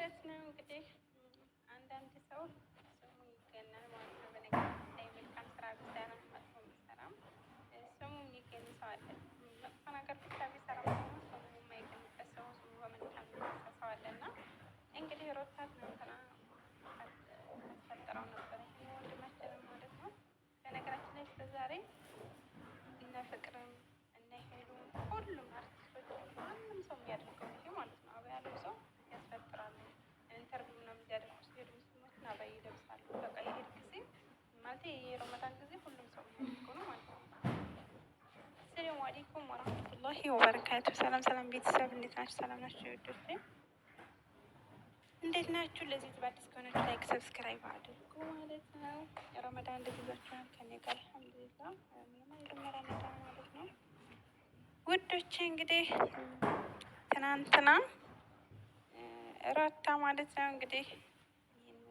ማለት ነው። እንግዲህ አንዳንድ ሰው ስሙ ይገናል ማለት ነው። በነገራችን ላይ መልካም ስራ ቢሰራ መጥፎ ቢሰራም ስሙ የሚገኝ ሰው አለ። መጥፎ ነገር ብቻ ቢሰራ ወረህመቱላሂ ወበረካቱ። ሰላም ሰላም ቤተሰብ እንዴት ናችሁ? ሰላም ናችሁ? ወዶች እንዴት ናችሁ? ለዚህ በአዲስ ከሆናችሁ ላይክ፣ ሰብስክራይብ አድርጉ ማለት ነው። ረመዳን እንዴት ይዟችኋል? ከኔ ጋር አልሐምዱሊላ የመጀመሪያ ረመዳን ማለት ነው ውዶቼ። እንግዲህ ትናንትና ረታ ማለት ነው እንግዲህ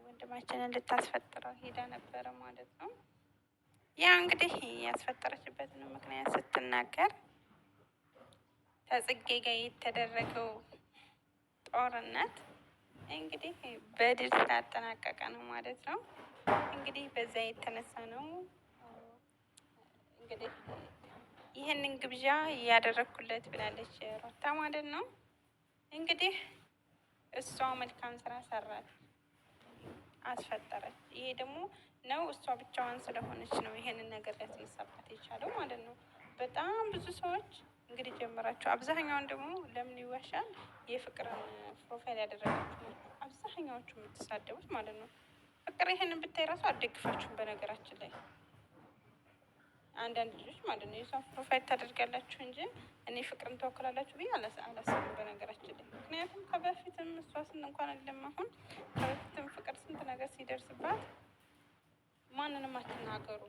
ወንድማችንን ልታስፈጥረው ሄዳ ነበረ ማለት ነው። ያ እንግዲህ ያስፈጠረችበትን ምክንያት ስትናገር ከጽጌ ጋር የተደረገው ጦርነት እንግዲህ በድል ስላጠናቀቀ ነው ማለት ነው። እንግዲህ በዛ የተነሳ ነው እንግዲህ ይህንን ግብዣ እያደረግኩለት ብላለች ሮታ ማለት ነው። እንግዲህ እሷ መልካም ስራ ሰራች፣ አስፈጠረች። ይሄ ደግሞ ነው እሷ ብቻዋን ስለሆነች ነው ይሄንን ነገር ሊያስነሳባት የቻለው ማለት ነው። በጣም ብዙ ሰዎች እንግዲህ ጀምራችሁ አብዛኛውን ደግሞ ለምን ይዋሻል የፍቅርን ፕሮፋይል ያደረጋችሁ አብዛኛዎቹ የምትሳደቡት ማለት ነው። ፍቅር ይህንን ብታይ ራሱ አደግፋችሁም። በነገራችን ላይ አንዳንድ ልጆች ማለት ነው የሷን ፕሮፋይል ታደርጋላችሁ እንጂ እኔ ፍቅርን ተወክላላችሁ ብዬ አላስብም። በነገራችን ላይ ምክንያቱም ከበፊትም እሷ ስንት እንኳን አይደለም አሁን ከበፊትም ፍቅር ስንት ነገር ሲደርስባት ማንንም አትናገሩ።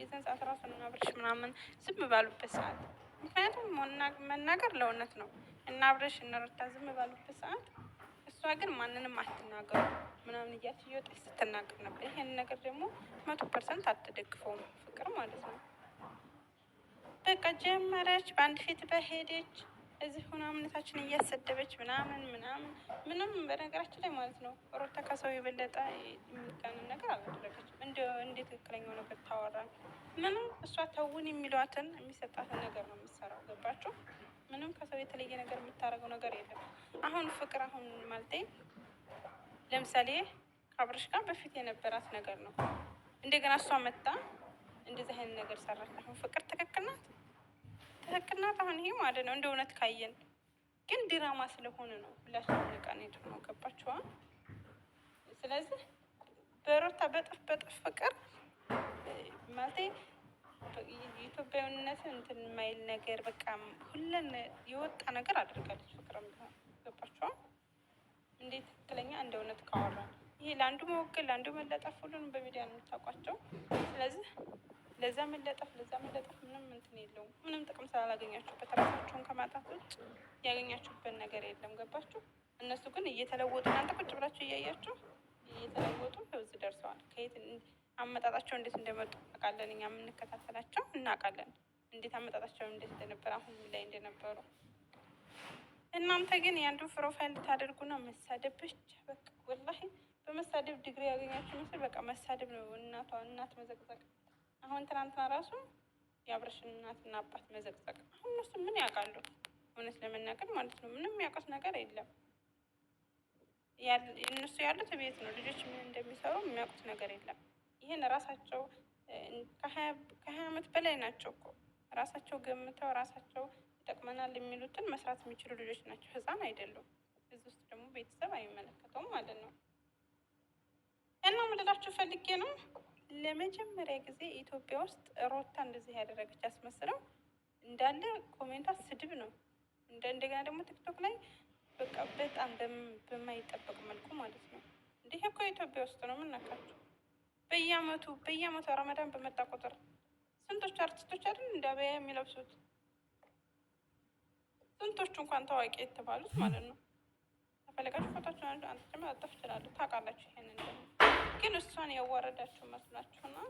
የዘን ሰዓት ራሱን አብርሽ ምናምን ዝም ባሉበት ሰዓት ምክንያቱም መናገር ለእውነት ነው እና አብረሽ እነሩታ ዝም ባሉበት ሰዓት እሷ ግን ማንንም አትናገሩ ምናምን እያች እየወጣች ስትናገር ነበር። ይሄን ነገር ደግሞ መቶ ፐርሰንት አትደግፈውም ፍቅር ማለት ነው። በቃ ጀመረች በአንድ ፊት በሄደች እዚህ ሆና እምነታችን እያሰደበች ምናምን ምናምን ምንም በነገራችን ላይ ማለት ነው። ሮታ ከሰው የበለጠ የሚጋንን ነገር አላደረገችም። እንደ ትክክለኛው ነገር ታወራ ምንም እሷ ተውን የሚሏትን የሚሰጣትን ነገር ነው የምትሰራው። ገባችሁ? ምንም ከሰው የተለየ ነገር የምታደርገው ነገር የለም። አሁን ፍቅር አሁን ማለቴ ለምሳሌ ከአብረሽ ጋር በፊት የነበራት ነገር ነው። እንደገና እሷ መጣ እንደዚህ አይነት ነገር ሰራች። አሁን ፍቅር ትክክል ናት? ትክክል አሁን ይሄ ማለት ነው እንደ እውነት ካየን ግን ድራማ ስለሆነ ነው ሁላችንም ንቃን ሄዱ ነው ገባችኋ? ስለዚህ በሮታ በጥፍ በጥፍ ፍቅር ማለት ኢትዮጵያዊነትን እንትን የማይል ነገር በቃ ሁለን የወጣ ነገር አድርጋለች። ፍቅርም ቢሆን ገባችኋ? እንዴት ትክክለኛ እንደ እውነት ካወራ ይሄ ለአንዱ መወገል ለአንዱ መለጠፍ ሁሉንም በሚዲያ ነው የምታውቋቸው። ስለዚህ ለዛ መለጠፍ ለዛ መለጠፍ ምንም እንትን የለውም። ምንም ጥቅም ስላላገኛችሁበት ራሳችሁን ከማጣት ውጭ ያገኛችሁበት ነገር የለም። ገባችሁ? እነሱ ግን እየተለወጡ እናንተ ቁጭ ብላችሁ እያያችሁ እየተለወጡ ለውዝ ደርሰዋል። ከየት አመጣጣቸው እንዴት እንደመጡ እናውቃለን። እኛ የምንከታተላቸው እናውቃለን፣ እንዴት አመጣጣቸው እንዴት እንደነበረ አሁን ላይ እንደነበሩ። እናንተ ግን የአንዱ ፕሮፋይል ልታደርጉ ነው መሳደብ ብቻ በቃ ወላሂ በመሳደብ ዲግሪ ያገኛችሁ ምስል በቃ መሳደብ ነው። እናቷ እናት መዘቅዘቅ አሁን ትናንትና ራሱ የአብረሽን እናትና አባት መዘቅዘቅ አሁን እነሱ ምን ያውቃሉ? እውነት ለመናገር ማለት ነው ምንም ያውቁት ነገር የለም። እነሱ ያሉት ቤት ነው። ልጆች ምን እንደሚሰሩ የሚያውቁት ነገር የለም። ይህን ራሳቸው ከሀያ ዓመት በላይ ናቸው እኮ ራሳቸው ገምተው ራሳቸው ይጠቅመናል የሚሉትን መስራት የሚችሉ ልጆች ናቸው። ህፃን አይደሉም። እዚህ ውስጥ ደግሞ ቤተሰብ አይመለከተውም ማለት ነው እና ምልላችሁ ፈልጌ ነው ለመጀመሪያ ጊዜ ኢትዮጵያ ውስጥ ሮታ እንደዚህ ያደረገች አስመስለው እንዳለ ኮሜንቷ ስድብ ነው። እንደገና ደግሞ ቲክቶክ ላይ በቃ በጣም በማይጠበቅ መልኩ ማለት ነው። እንዲህ እኮ ኢትዮጵያ ውስጥ ነው የምናካቸው። በየአመቱ በየአመቱ ረመዳን በመጣ ቁጥር ስንቶቹ አርቲስቶች አይደል እንደ አበያ የሚለብሱት ስንቶቹ እንኳን ታዋቂ የተባሉት ማለት ነው። ተፈለጋችሁ ፎቶችን አንተ ጭምር አጠፍ ይችላሉ። ታውቃላችሁ ይሄንን ግን እሷን ያዋረዳችሁ መስሏችሁ ነው።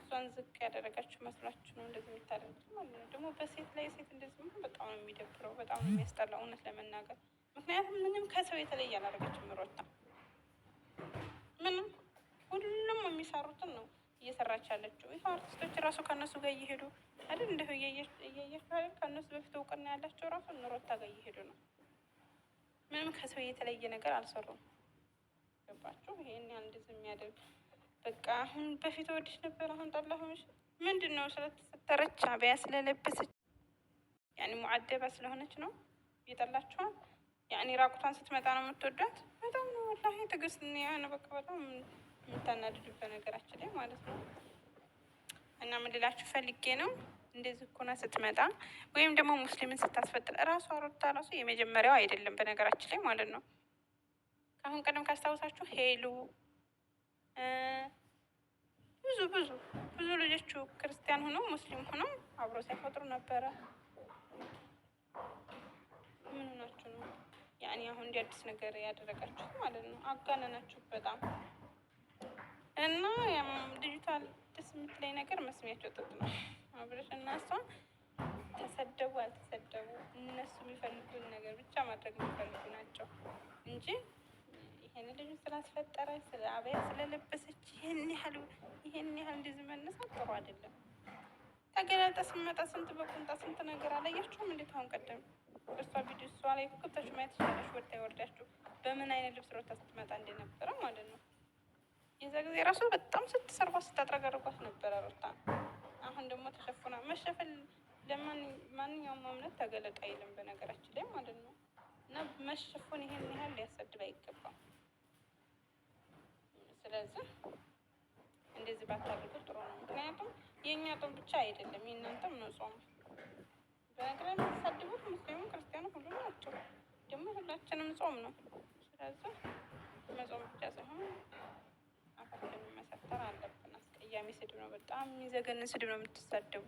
እሷን ዝቅ ያደረጋችሁ መስሏችሁ ነው እንደዚህ የምታደርጉት ማለት ነው። ደግሞ በሴት ላይ ሴት እንደዚህ ሆ በጣም ነው የሚደብረው፣ በጣም ነው የሚያስጠላው እውነት ለመናገር ምክንያቱም ምንም ከሰው የተለየ አላደረገችም ሮታ። ምንም ሁሉም የሚሰሩትን ነው እየሰራች ያለችው። ይህ አርቲስቶች ራሱ ከእነሱ ጋር እየሄዱ አይደል እንደ እያያችሁ ከእነሱ በፊት እውቅና ያላቸው ራሱ ሮታ ጋር እየሄዱ ነው። ምንም ከሰው የተለየ ነገር አልሰሩም። ያስገባችሁ። ይሄን ያህል እንደዚህ የሚያደርግ በቃ አሁን በፊት ወዲሽ ነበር፣ አሁን ጠላሁሽ። ምንድን ነው ስለተሰተረች አብያ ስለለበሰች ያኔ ሙዓደባ ስለሆነች ነው ይጠላችኋል። ያኔ ራቁቷን ስትመጣ ነው የምትወዷት። በጣም ነው ወላሂ ትዕግስት ያነ በቃ በጣም የምታናድዱ በነገራችን ላይ ማለት ነው። እና ምን ልላችሁ ፈልጌ ነው እንደዚህ እኮ ነው ስትመጣ ወይም ደግሞ ሙስሊምን ስታስፈጥር እራሷ ሮታ ራሱ የመጀመሪያው አይደለም በነገራችን ላይ ማለት ነው። ከአሁን ቀደም ካስታውሳችሁ ሄሉ ብዙ ብዙ ብዙ ልጆቹ ክርስቲያን ሆኖ ሙስሊም ሆኖ አብሮ ሳይፈጥሩ ነበረ። ምን ሆናችሁ ነው ያኔ አሁን እንዲ አዲስ ነገር ያደረጋችሁ ማለት ነው? አጋነናችሁ በጣም እና ዲጂታል ደስ የምትለኝ ነገር መስሚያቸው ጥጥ ነው። አብረሽ እና እሷ ተሰደቡ አልተሰደቡ እነሱ የሚፈልጉን ነገር ብቻ ማድረግ የሚፈልጉ ናቸው እንጂ ይህን ልጅ ስላስፈጠረች ስለ አበያ ስለለበሰች ይህን ያህል ይህን ያህል እንደዚህ መነሳት ጥሩ አይደለም። ተገላልጣ ስመጣ ስንት በቁንጣ ስንት ነገር አላያችሁም? እንዴት አሁን ቀደም እሷ ቪዲዮ እሷ ላይ ገብታችሁ ማየት ይችላለች። ወርዳ ይወርዳችሁ በምን አይነት ልብስ ሮታ ስትመጣ እንደነበረ ማለት ነው። የዛ ጊዜ ራሱ በጣም ስትሰርቧት ስታጥረገርጓት ነበረ ሮታ አሁን ደግሞ ተሸፉና መሸፈን ለማንኛውም እምነት ተገለጥ አይልም በነገራችን ላይ ማለት ነው። እና መሸፈን ይሄን ያህል ሊያሰድብ አይገባም። ስለዚህ እንደዚህ ባታደርጉት ጥሩ ነው። ምክንያቱም የእኛ ጦም ብቻ አይደለም የእናንተም ነው ጾሙ። በነገር የሚሳድቡት ሙስሊሙ፣ ክርስቲያኑ ሁሉ ናቸው። ደግሞ ሁላችንም ጾም ነው። ስለዚህ መጾም ብቻ ሳይሆን አፈር መሰተር አለብን። አስቀያሚ ስድብ ነው፣ በጣም የሚዘገንን ስድብ ነው የምትሳደቡ።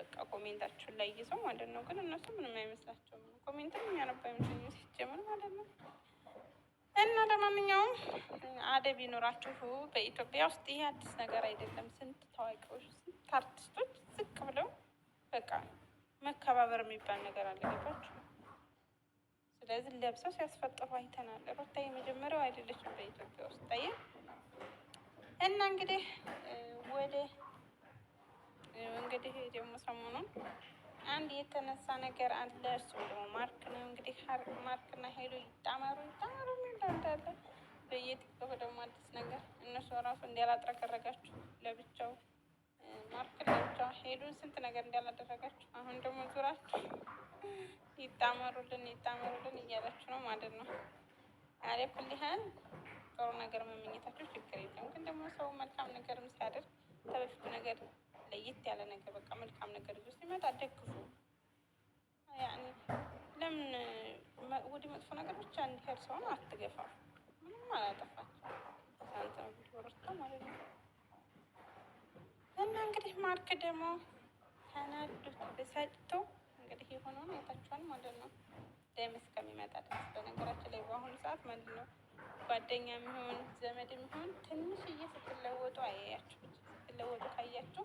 በቃ ኮሜንታችሁን ላይ ይዘው ማለት ነው። ግን እነሱ ምንም አይመስላቸውም። ኮሜንትም የሚያነባ ይመስለኝ ሲጀምር ማለት ነው። እና ለማንኛውም አደብ ይኖራችሁ። በኢትዮጵያ ውስጥ ይህ አዲስ ነገር አይደለም። ስንት ታዋቂዎች፣ ስንት አርቲስቶች ዝቅ ብለው በቃ መከባበር የሚባል ነገር አለ። ስለዚህ ለብሰው ሲያስፈጥሩ አይተናል። ሩታ የመጀመሪያው አይደለችም በኢትዮጵያ ውስጥ ታየ። እና እንግዲህ ወደ እንግዲህ ደግሞ ሰሞኑን አንድ የተነሳ ነገር አለ። እሱ ደግሞ ማርክ ነው። እንግዲህ ማርክና ሄሉ ይጣመሩ ይጣመሩ እንዳንዳለን በየቲክቶክ ደግሞ አዲስ ነገር እነሱ ራሱ እንዲያላጥረከረጋችሁ ለብቻው ማርክ ለብቻው ሄሉን ስንት ነገር እንዲያላደረጋችሁ አሁን ደግሞ ዙራችሁ ይጣመሩልን ይጣመሩልን እያላችሁ ነው ማለት ነው። አለ ኩሊህን ጥሩ ነገር መመኘታችሁ ችግር የለም። ግን ደግሞ ሰው መልካም ነገርም ሲያደርግ ተበፊቱ ነገር ለየት ያለ ነገር በቃ መልካም ነገር ይዞ ሲመጣ ደግፉ። ያኔ ለምን ወደ መጥፎ ነገር ብቻ እንዲሄድ ሰውን አትገፋ። ምንም አላጠፋቸው ሳንተ ወረታ ማለት ነው። እና እንግዲህ ማርክ ደግሞ ተናዱ ተሰጭቶ እንግዲህ የሆነውን አይታችኋል ማለት ነው። ደም እስከሚመጣ ድረስ በነገራችን ላይ በአሁኑ ሰዓት ማለት ነው ጓደኛ የሚሆን ዘመድ የሚሆን ትንሽዬ ስትለወጡ አያያችሁ ስትለወጡ ካያችሁ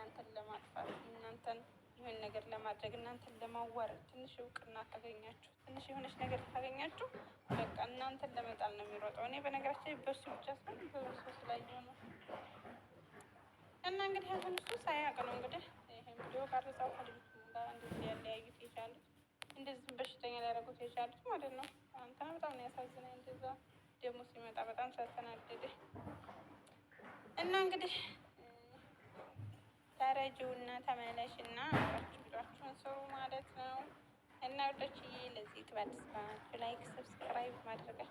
እናንተን ለማጥፋት እናንተን ይህን ነገር ለማድረግ እናንተን ለማዋረድ ትንሽ እውቅና ካገኛችሁ ትንሽ የሆነች ነገር ካገኛችሁ በቃ እናንተን ለመጣል ነው የሚሮጠው። እኔ በነገራችን በሱ ብቻ ሳይሆን በሰው ላይ የሆነ እና እንግዲህ አሁን እሱ ሳያቅ ነው እንግዲህ ይሄን ቪዲዮ ቀርጸው ከልጅ ጋር እንደዚህ ያለያዩት የቻሉት እንደዚህ በሽተኛ ሊያደርጉት የቻሉት ማለት ነው። አንተና በጣም ነው ያሳዝናኝ። እንደዛ ደግሞ ሲመጣ በጣም ሳተናደደ እና እንግዲህ ተረጂውና ተመለሽና አብራችሁ ብሏችሁን ስሩ ማለት ነው እና ወደች ለዚህ ትበልስ ላይክ ሰብስክራይብ ማድረጋችሁ